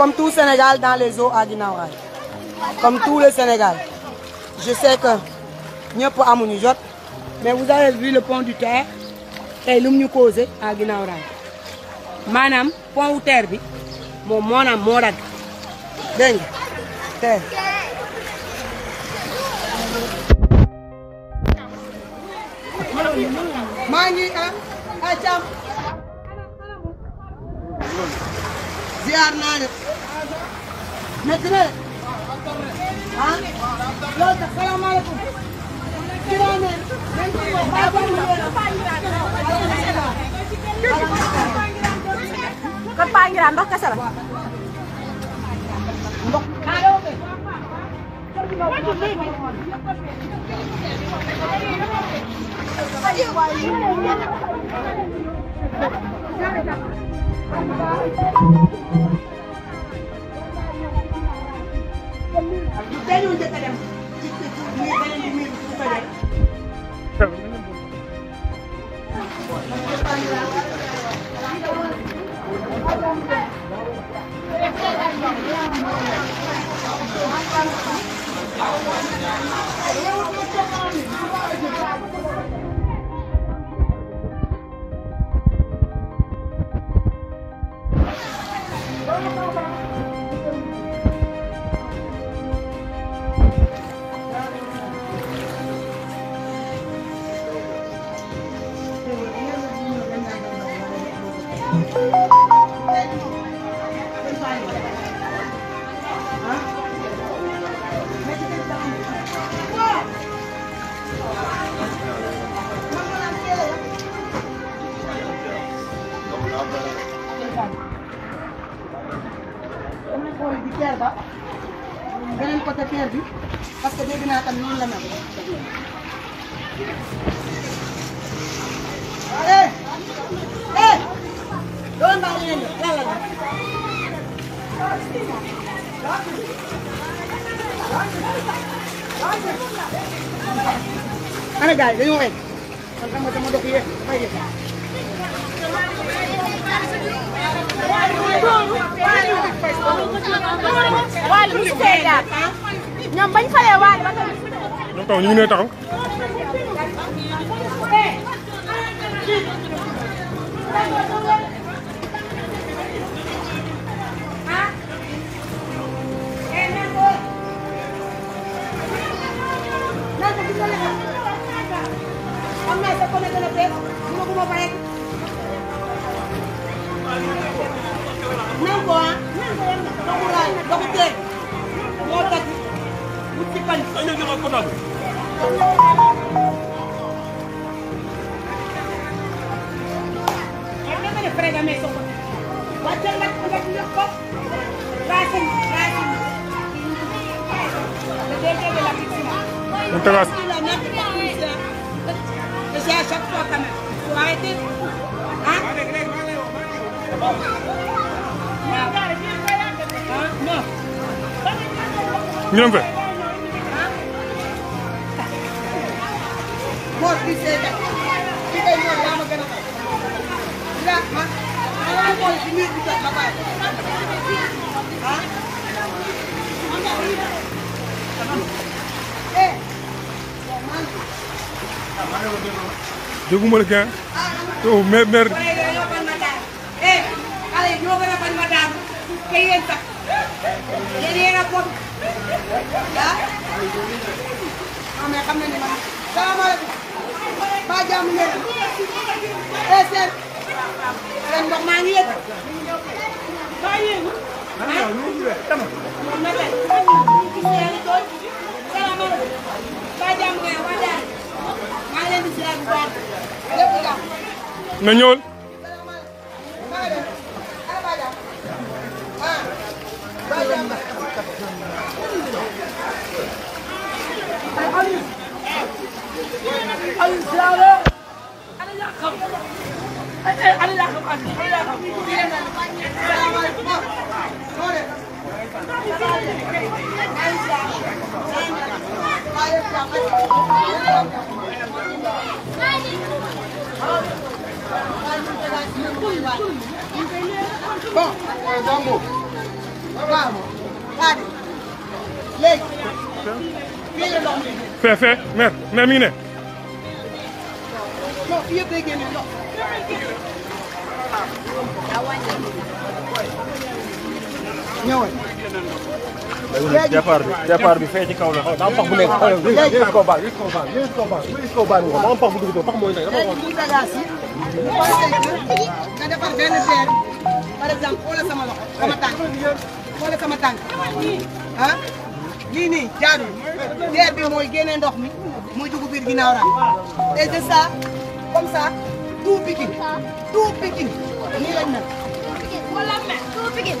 comme tout Sénégal dans les eaux à Guinaw Rail comme tout Sénégal je sais que ñëpp amuñu jot mais vous avez vu le pont du terre tey lum ñu causé à Guinaw Rail maanaam pont wu terre bi moom moo naam rag ziar naa ne maître ah loolu tax salaamaaleykum dinaa ne dañ koy wax baa bëri na kon Paa Ngiraan ndox kese la ndox maa Lu dañu njëkk a dem ana gaay dañoo ay kon xam nga dama dox waal mu sey daal ñoom bañ falee waal ba tamit ñoom taw ñu ne taxaw mën a gën a béy bu ma bu ma bàyyi. naan ko ah naan ko yan doxu laay doxu tee moo toj wut ci pañ. Muchas gracias. c'est à chaque fois quand même. Faut arrêter. Hein? Non. Ngeen fay. Moo fi seede. Ki day ñëw yaa ma gën a xam. Ila ma. Ala mooy bi ñuy dugal ma bàyyi. Ah. dégguma la gën yow mer mer. xale yi eh, ñoo gën a bañ ma daanu te yéen sax yéen yéen a bopp ah non maa jàmm ngeen am eh, seen seen ndox maa ngi yëg maa yëg moom na tey salaamaaleykum maa jàmm na ñëwal. Allahu akbar bon Gambo waaw Fadi léegi fii la ndox mi. fee fee mer mer mi ngi ne. non fii yëpp day génne ndox. ñëwal. départ bi départ bi fee ci kaw la. daa am pax bu nekk xoolal yéen koo baal yéen koo baal yéen koo baal yéen koo baal daa am pax bu dugg doon pax mooy nekk dafa xool. nga defar benn paire par exemple xoolal sama loxo sama tànk xoolal sama tànk ah lii nii jaarul paire bi mooy génne ndox mi muy dugg biir ginnaaw raam et de ça comme ça tout Pikine tout Pikine nii lañ mel. tout Pikine.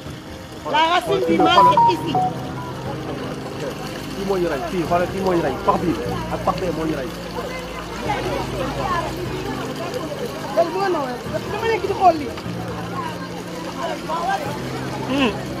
la racine du mal est ici. kii moo ñu rey kii xoolal kii moo ñu rey pax bii ak pax bee moo ñu rey. dama nekk di xool lii. Hmm.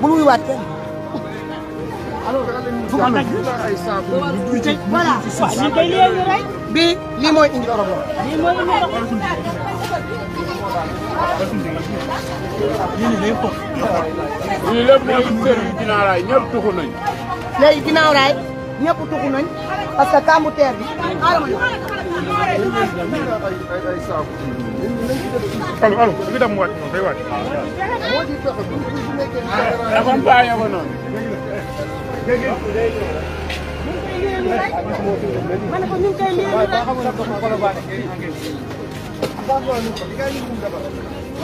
bul wuy waat kenn. alors fu mu nekk nii voilà waaw ñu koy léegi rek. bii lii mooy indi orobo. lii mooy indi orobo. lii lépp. lii lépp mooy kër yi ginnaaw raay ñëpp tuxu nañu. léegi ginnaaw raay. ñëpp tuxu nañ parce que kambu teer di dox bu nekkee dafa bàyyi ko noonu ma ne ko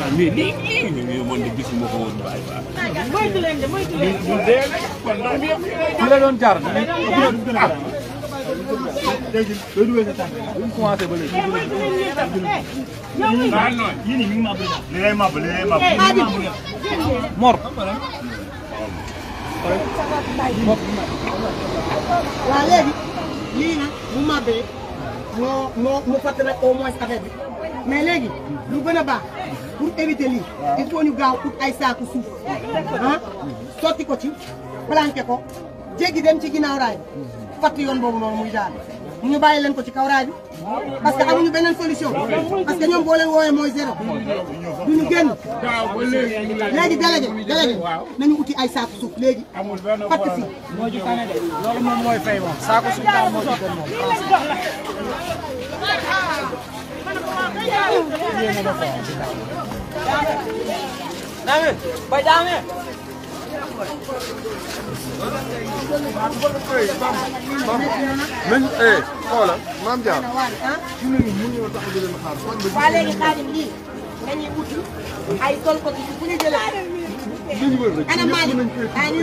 waaw mais lii lii man de gisuma ko woon bàyyi ah. eh, bi yëpp la lu gën a pour éviter lii il faut ñu gaaw ut ay saaku suuf ah. sotti ko ci planté ko jéggi dem ci ginnaaw raay bi mhm. fatt yoon boobu noonu muy daal ñu bàyyi leen ko ci kaw raay bi parce que amuñu beneen solution parce que ñoom boo leen woowee mooy zéro duñu génn léegi délégué délégué nañu uti ay saaku suuf léegi fatt si loolu moom mooy fay moom saaku suuf daal moo ci gën moom Dame, bay dame. Nañ eh xoola maam Diar. Ci ñu mën ñoo tax di leen xaar soñ ba. Waa léegi xaadim lii dañuy wut ay sol ko ci bu ñu jëlee. Ana Malick, ay ñu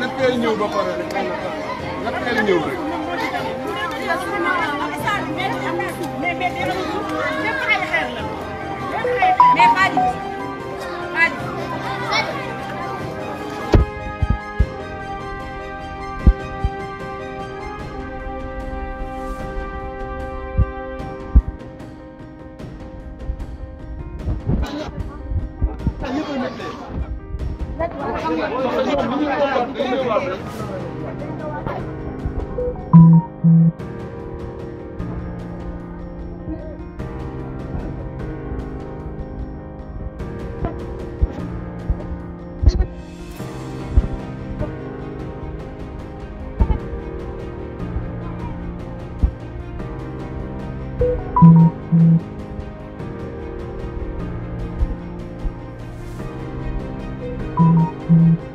nappeel ñëw ba pare nappeel ñëw rek. mais xaalis Thank you.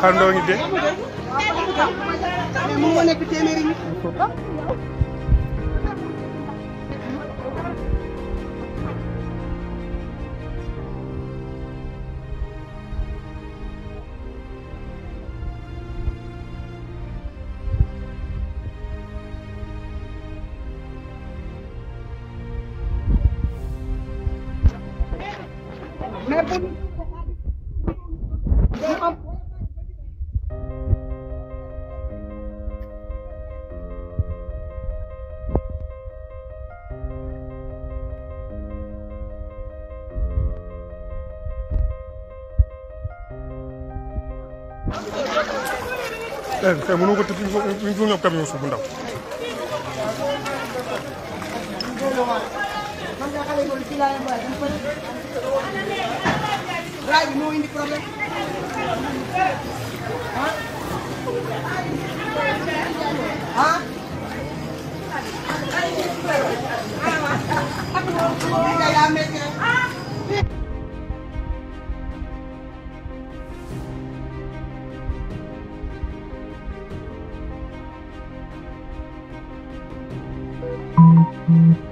xam-xam doo ngi dee. xëy na mënu ko tëj ñu ngi ñoom camion suuf bu ndaw. raay bi moo indi problème. ah. ah. Mm-hmm.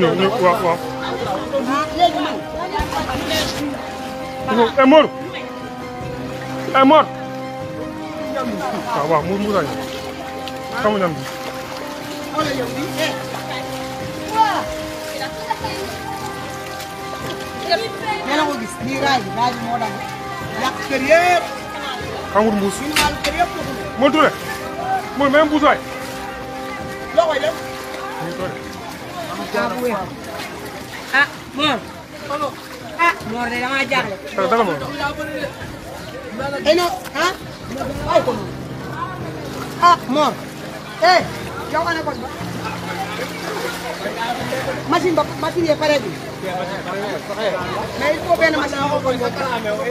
ñëw ñëw waaw waaw. eh Mor. eh Mor. waaw waaw Mor Mor aywa. xamu ñam bi. yéen a ko gis nii raay bi raay bi moo daan yàq kër yëpp. xamul mbuus. mbuus Mor Touré. Mor même mbuus waay. sama bu weex ah Mor. ah Mor de damaa jaaxle. dama Mor. eh non oh, ah. bàyyi ko machine ba machine yee pare bi. mais il faut benn machine.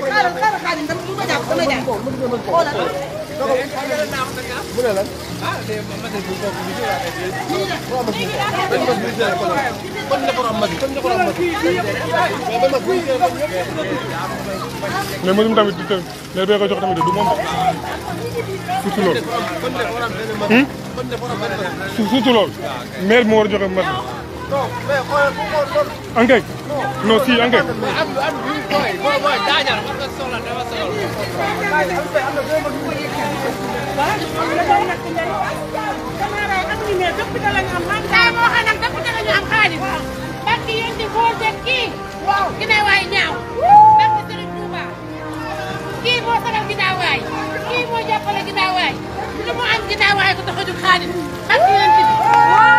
xaaral xaaral xaaral dama dama jàpp dama mu ne lan. ah mais man bu ko bu ñu waxee fii. jox tamit du moom surtout loolu. Hmm? surtout loolu. moo war a joxe non mais xoolal bu xool loolu. enquête non si enquête. mais am am bii booy booy booy daañar war nga soxla dafa soxla. ginaaw waay lu mu am ginaaw waay ko tax a jóg xaalis ak yeneen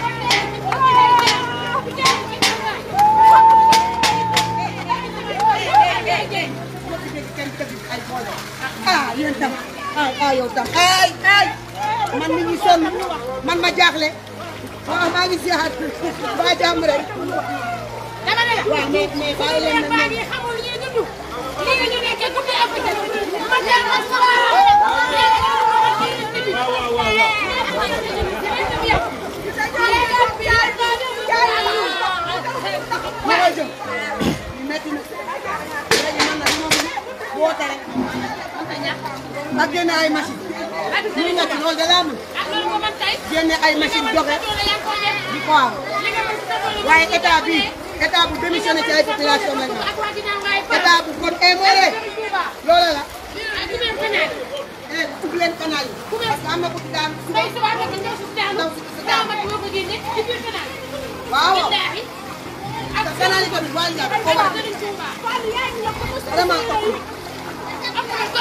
ah yéen tam ay ah yow tam ay ay man mi ñu sonn man ma jaaxle waaw maa ngi ziar ba jàmm rek. dama ne la waaw mais mais bàyyi leen na ñu xamul ñuy dund lii ñu nekkee ku fi Afrique ma jàmm ak sama woote rek ay machine ñu nekk loolu da ay machine joxe di ko waaye état bi état bu démissionné ci ay kon émoré loola la eh, ubbi leen canal yi parce que am na Yeah.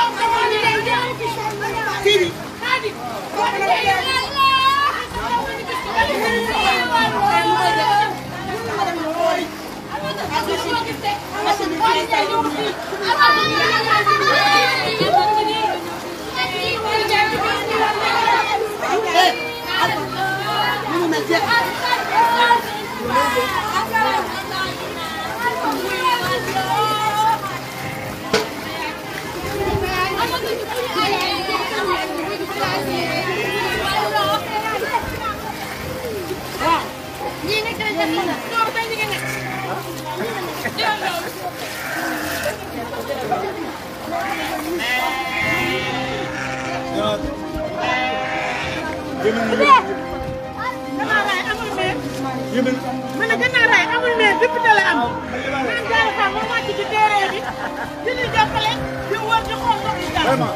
ñii nga jëlee jënd na ñoom tey ñu ngi nekk. jëloon loolu. gannaaw gannaaw raay amul meer député la am. man Diallo Fall moom wàcc ci terrain bi. di ñu jàppale di wër di xool ndox yi vraiment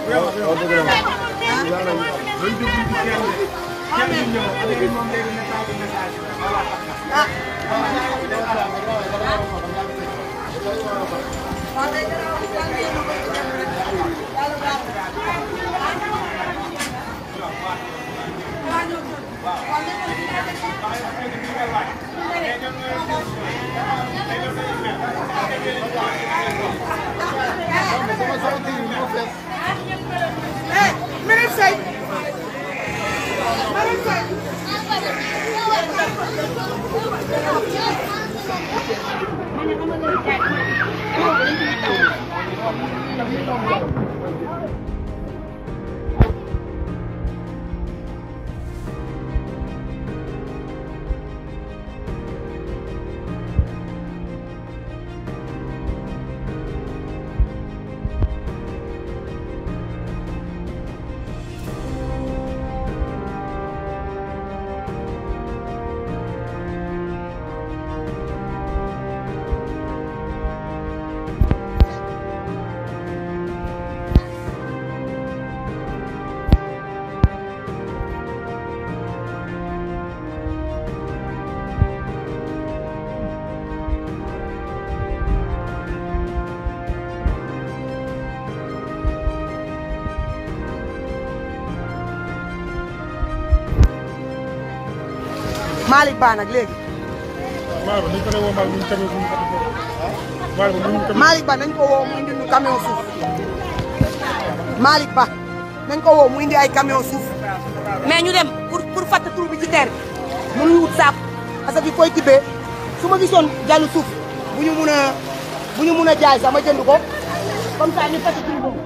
vraiment. Hey, Minute Say! Minute Say! Thank you. tëj baa nag léegi. Malick Ba nañ ko woo mu indi ñu camion suuf Malick Ba nañ ko woo mu indi ay camion suuf mais ñu dem pour pour fàtte bi ci terre bi mënuñu wut saako parce que koy tibbee su ma gisoon suuf bu ñu mun jaay sax jënd ko comme ça ñu fàtte tur boobu.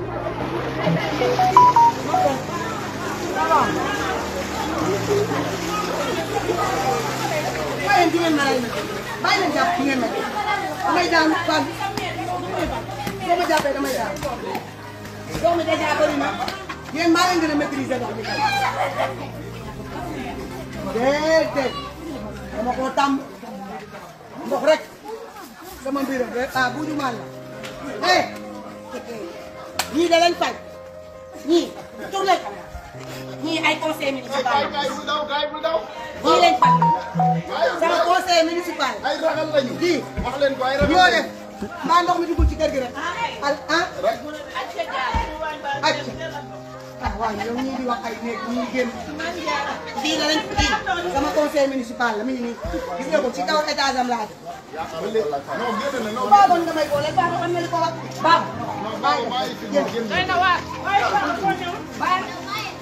leen di ngeen ma rey nag bàyyi leen jàpp di ngeen ma dee damay daanu fan soo ma jàppee damay daanu doomu dèjà bëri na yéen maa leen gën a maîtriser ndox mi déedéet dama koo tàmm ndox rek sama mbiram rek ah bu jumaan la eh ñii da leen fay ñii tur leen ñii ay conseil municipal ñii lañ fal sama maa ndox mi dugg ci kër gi rek al ah ay néeg ñii mi ngi nii ko ci kaw étage am laa def baaboon nga may boole baax xam nga li ko wax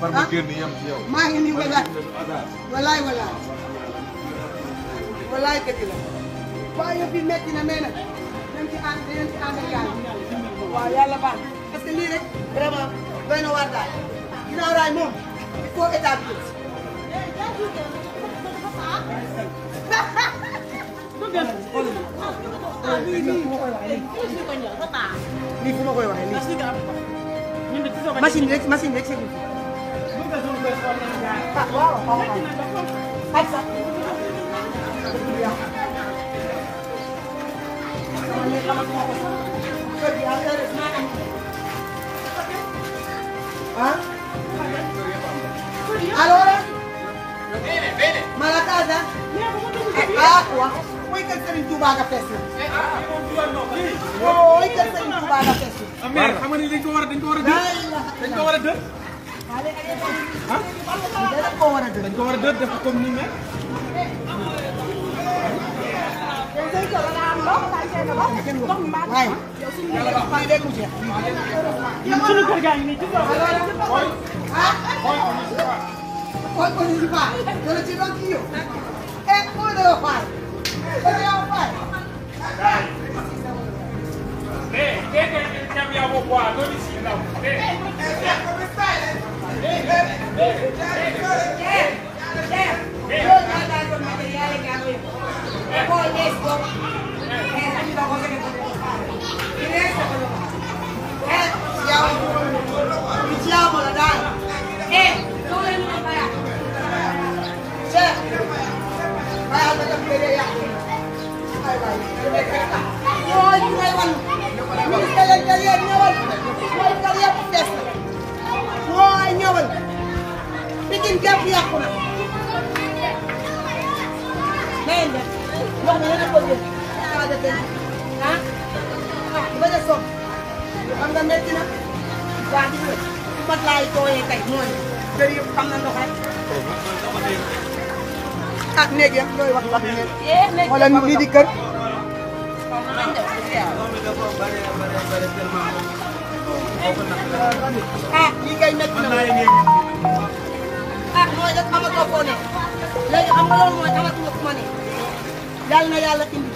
par ma génn yem ci yow. maa ngi nii walaay walaay walaay. walaay dëgg la. waaw yëpp yi métti na mais nag dañ ci ànd dañ ci ànd ak yàlla. waaw yàlla baax na parce que lii rek vraiment doy na waar daal. ginnaaw raay moom il faut état bi ma koy waxee lii machine bi rek Allora? Bene, bene. Ma la casa? È eh, acqua? Vuoi che sei intubata adesso? Eh, ah. Vuoi che sei intubata adesso? Amir, xam nga ni dañ ko war a dañ ko war a jël dañ ko war a jël ah dañ koo war a dër dañ koo war a dër def ko comme ni nga. waaye. suñu kër gaa ngi nii gis nga. xool ko ñu faa wala ci doon kii yow. eh xool na yoo faay. xool yoo faay. Mais, qu'est-ce que tu as mis à vos poids? Donne ici, là. Mais, mooy intérieur ñëwal mooy intérieur bu des la waaye ñëwal Pikine gépp yàqu na. mais nag wax nga yéen a ko jël saa de benn ah ah bu bañ a soob xam nga métti na waa gis nga su mat laay tooyee tey mooy kër yëpp xam na ndox rek. ak néeg yëpp looy wax wax ngeen. wala lii di kër. ah lii kay métti na ah mooy rek amatoo koo ne léegi xam nga loolu mooy amatuma ku ma ne yàlla na yàlla indi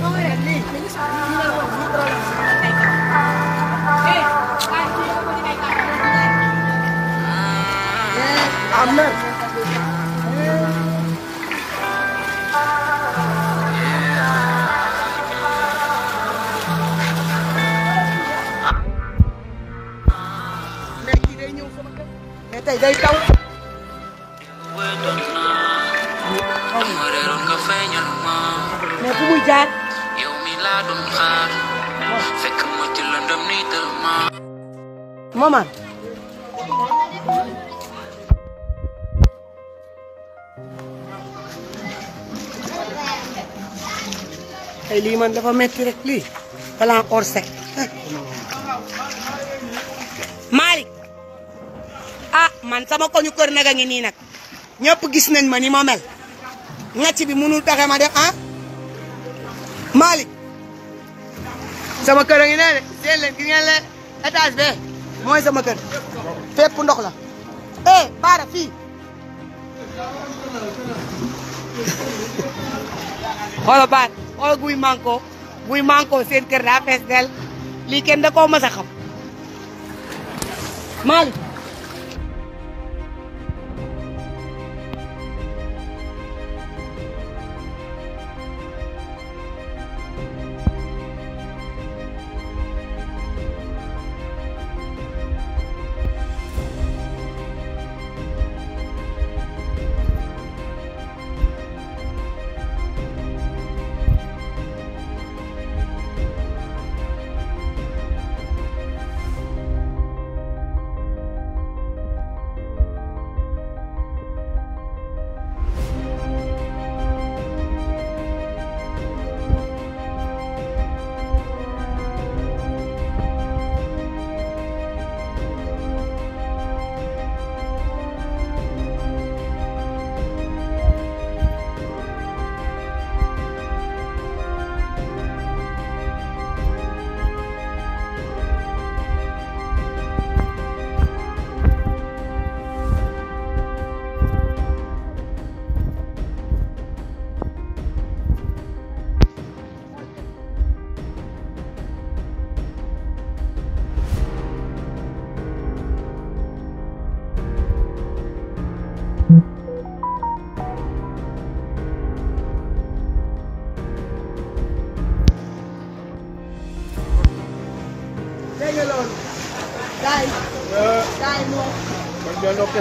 soo wéree lii dañu soxla ñu ne woon ñu problème am na tey day taw. mais fu jaar. Momar. tey lii man dafa metti rek lii. plan hors sec. ah man sama koñu kër nag a ngi nii nag ñëpp gis nañ ma ni ma mel ñàcc bi mënul taxe ma def ah Malick sama kër a ngi nee de seen leen gis ngeen leen mooy sama kër fépp ndox la eh baara fii xoola baar xoola guy manko guy manko seen kër daa fees del lii kenn da koo mas a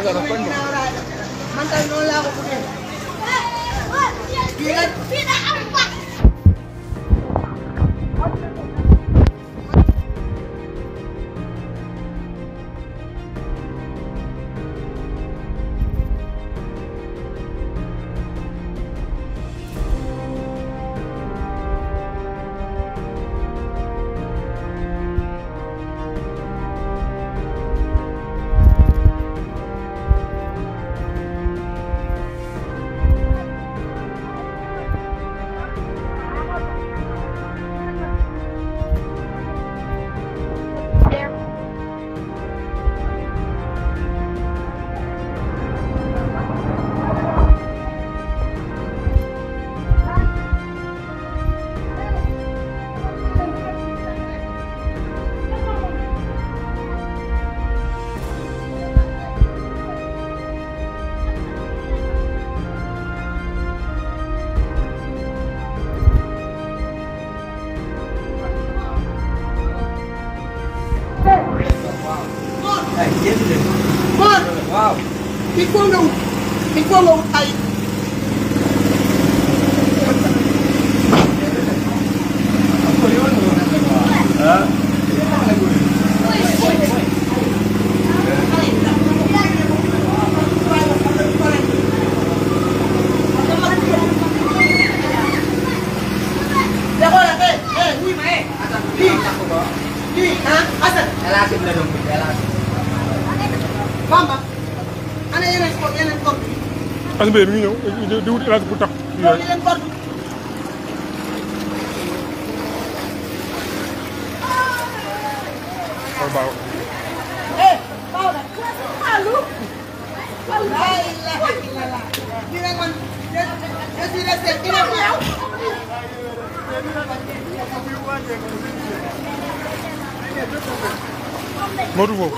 Gracias a los Elhadji Mbaye mi ngi ñëw di wut Elhadji bu tax baaw Modou foofu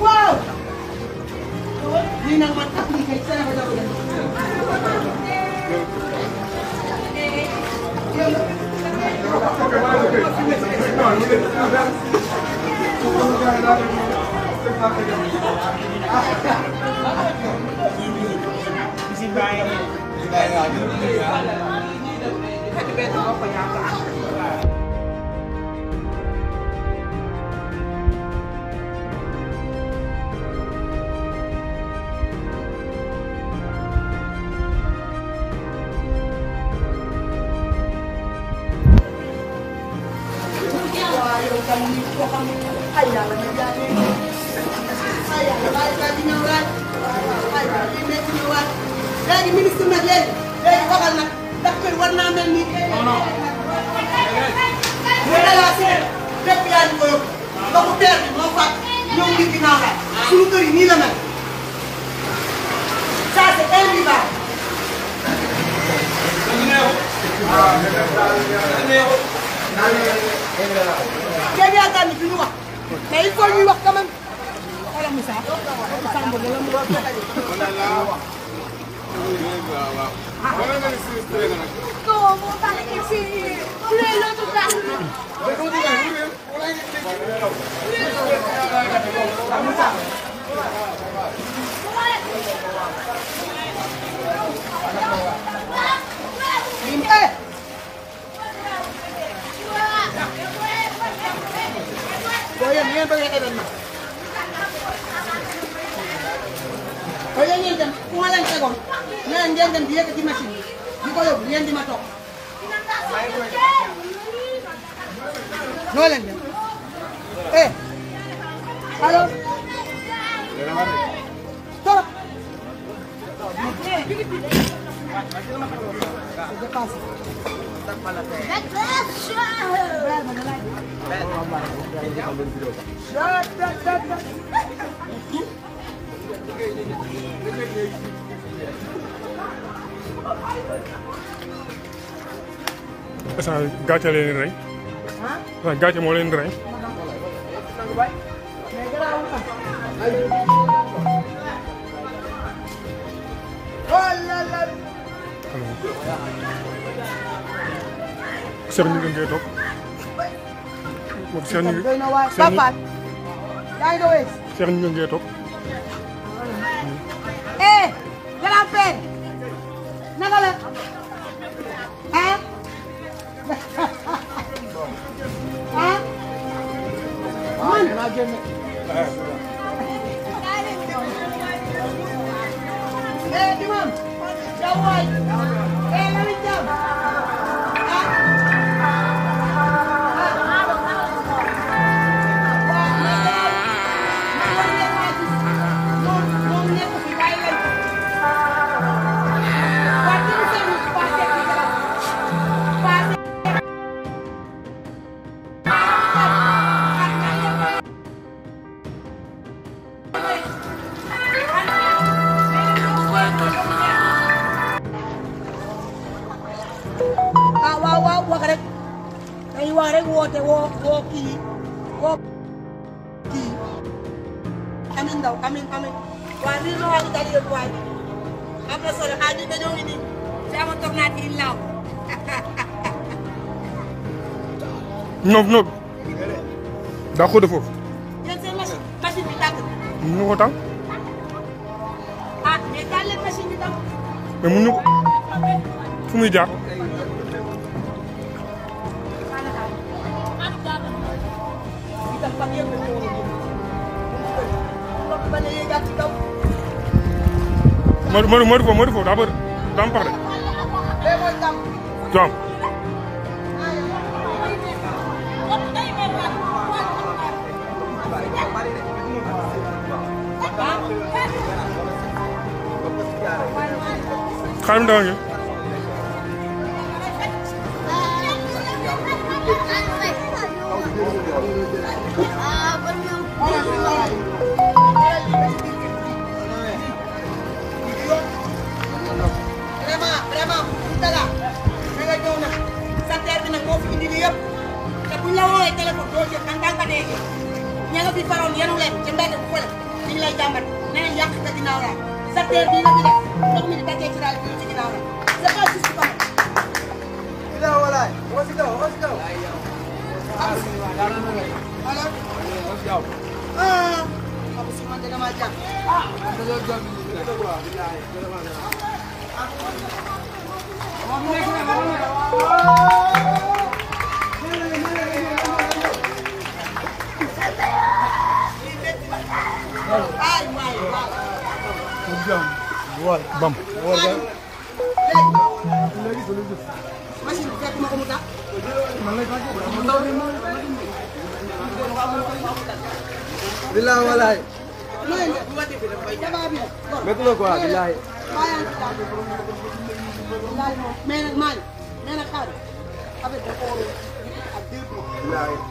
Wow! ñu ne man appliqué sa la ko doon def. Bismillahirrahmanirrahim. Kébé Attané bi ñu wax mais il faut ñuy wax quand même xoolal Moussa Samba ah. la mu wax. Comment ngeen bëggee événement. ba léegi ngeen dem ku ma leen tegoon ne leen ngeen dem di yëkkati machine bi di ko yóbbu ngeen di ma toog. noo leen dem. eh allo. trop. essan gàcce leen rey essan gàcce moo leen rey Cheikh Gningue ngay toog. moom Cheikh Gningue Cheikh Gningue woote woo woo kii woo kii amin ndaw amin amin waa ñu dal waa ji am na solo ah ñun dañoo ngi nii ci ama tornade yi laaw noob noob daa ko defoo yéen seen ko tànk ah mais daal leen machine bi tànk mais mënuñu ko fu muy jaar Modou Modou Fo Modou Fo daa bëri daa am pax de. yëpp te buñ la woowee téléphone doo jël danga ko dégg ña nga fi faroon yenu leen ci mbedd bu fële ñu ngi lay jàmbat nee nañ yàq sa ginnaaw raay sa teer bii mi di daggee ci raay bi ci ginnaaw raay c'est pas juste comme ila walaay wasi wool bam wool kay léegi solo jëf machine fekk ma ko mu tax man lay fàcc mu taw ni moom bilaay walaay métti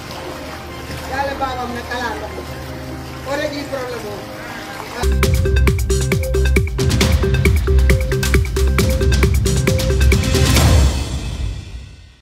yàlla baabam nag alaal la ko war a ji problème boobu